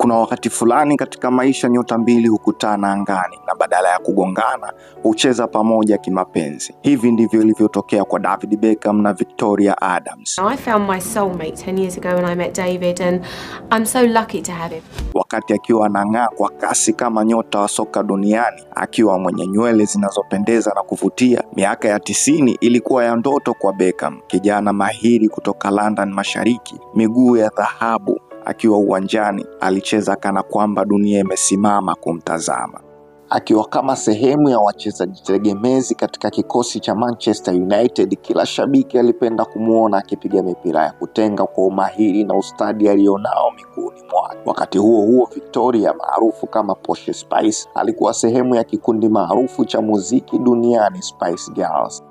Kuna wakati fulani katika maisha nyota mbili hukutana angani na badala ya kugongana hucheza pamoja kimapenzi. Hivi ndivyo ilivyotokea kwa David Beckham na Victoria Adams. I found my soulmate 10 years ago when I met David and I'm so lucky to have him. Wakati akiwa anang'aa kwa kasi kama nyota wa soka duniani, akiwa mwenye nywele zinazopendeza na kuvutia, miaka ya tisini ilikuwa ya ndoto kwa Beckham, kijana mahiri kutoka London Mashariki, miguu ya dhahabu akiwa uwanjani alicheza kana kwamba dunia imesimama kumtazama, akiwa kama sehemu ya wachezaji tegemezi katika kikosi cha Manchester United. Kila shabiki alipenda kumwona akipiga mipira ya kutenga kwa umahiri na ustadi alionao miguuni mwake. Wakati huo huo, Victoria maarufu kama poshe Spice alikuwa sehemu ya kikundi maarufu cha muziki duniani Spice Girls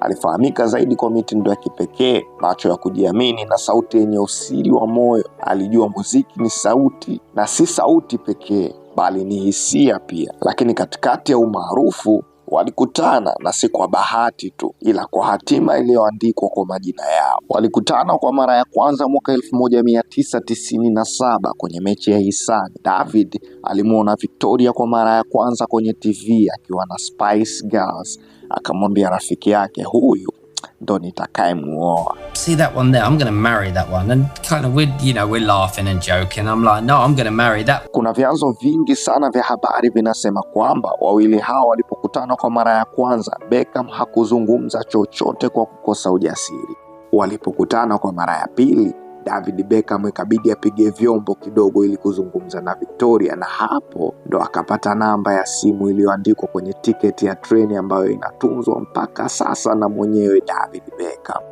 Alifahamika zaidi kwa mitindo ya kipekee, macho ya kujiamini na sauti yenye usiri wa moyo. Alijua muziki ni sauti na si sauti pekee bali ni hisia pia. Lakini katikati ya umaarufu walikutana na si kwa bahati tu, ila kwa hatima iliyoandikwa kwa majina yao. Walikutana kwa mara ya kwanza mwaka 1997 kwenye mechi ya hisani. David alimwona Victoria kwa mara ya kwanza kwenye TV akiwa na Spice Girls, akamwambia rafiki yake huyu ndo nitakayemuoa. See that one there, I'm gonna marry that one. And kind of we're, you know, we're laughing and joking. I'm like, no, I'm gonna marry that. Kuna vyanzo vingi sana vya habari vinasema kwamba wawili hao walipokutana kwa mara ya kwanza, Beckham hakuzungumza chochote kwa kukosa ujasiri. Walipokutana kwa mara ya pili David Beckham ikabidi apige vyombo kidogo ili kuzungumza na Victoria, na hapo ndo akapata namba ya simu iliyoandikwa kwenye tiketi ya treni ambayo inatunzwa mpaka sasa na mwenyewe David Beckham.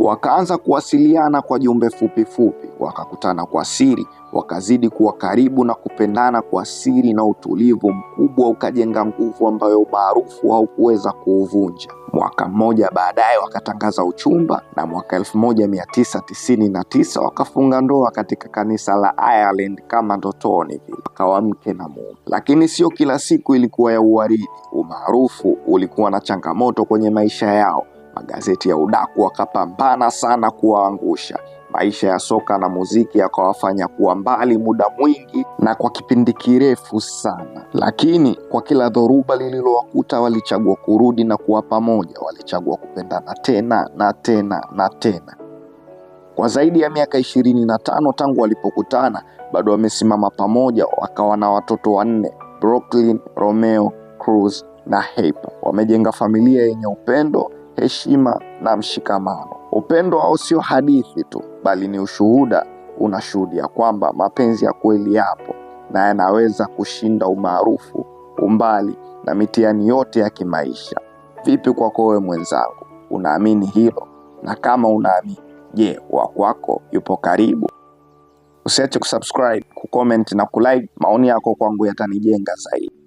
Wakaanza kuwasiliana kwa jumbe fupi fupi, wakakutana kwa siri, wakazidi kuwa karibu na kupendana kwa siri, na utulivu mkubwa ukajenga nguvu ambayo umaarufu haukuweza kuuvunja. Mwaka mmoja baadaye wakatangaza uchumba, na mwaka 1999 wakafunga ndoa katika kanisa la Ireland kama ndotoni vile, mke na mume. Lakini sio kila siku ilikuwa ya uwaridi. Umaarufu ulikuwa na changamoto kwenye maisha yao magazeti ya udaku wakapambana sana kuwaangusha. Maisha ya soka na muziki yakawafanya kuwa mbali muda mwingi na kwa kipindi kirefu sana, lakini kwa kila dhoruba lililowakuta walichagua kurudi na kuwa pamoja. Walichagua kupendana tena na tena na tena. Kwa zaidi ya miaka ishirini na tano tangu walipokutana, bado wamesimama pamoja, wakawa na watoto wanne: Brooklyn, Romeo, Cruz na Hyper. Wamejenga familia yenye upendo heshima na mshikamano. Upendo au sio hadithi tu, bali ni ushuhuda unashuhudia kwamba mapenzi ya kweli yapo na yanaweza kushinda umaarufu, umbali na mitihani yote ya kimaisha. Vipi kwako wewe mwenzangu, unaamini hilo? Na kama unaamini, je, wa kwako yupo karibu? Usiache kusubscribe, kucomment na kulike. Maoni yako kwangu yatanijenga zaidi.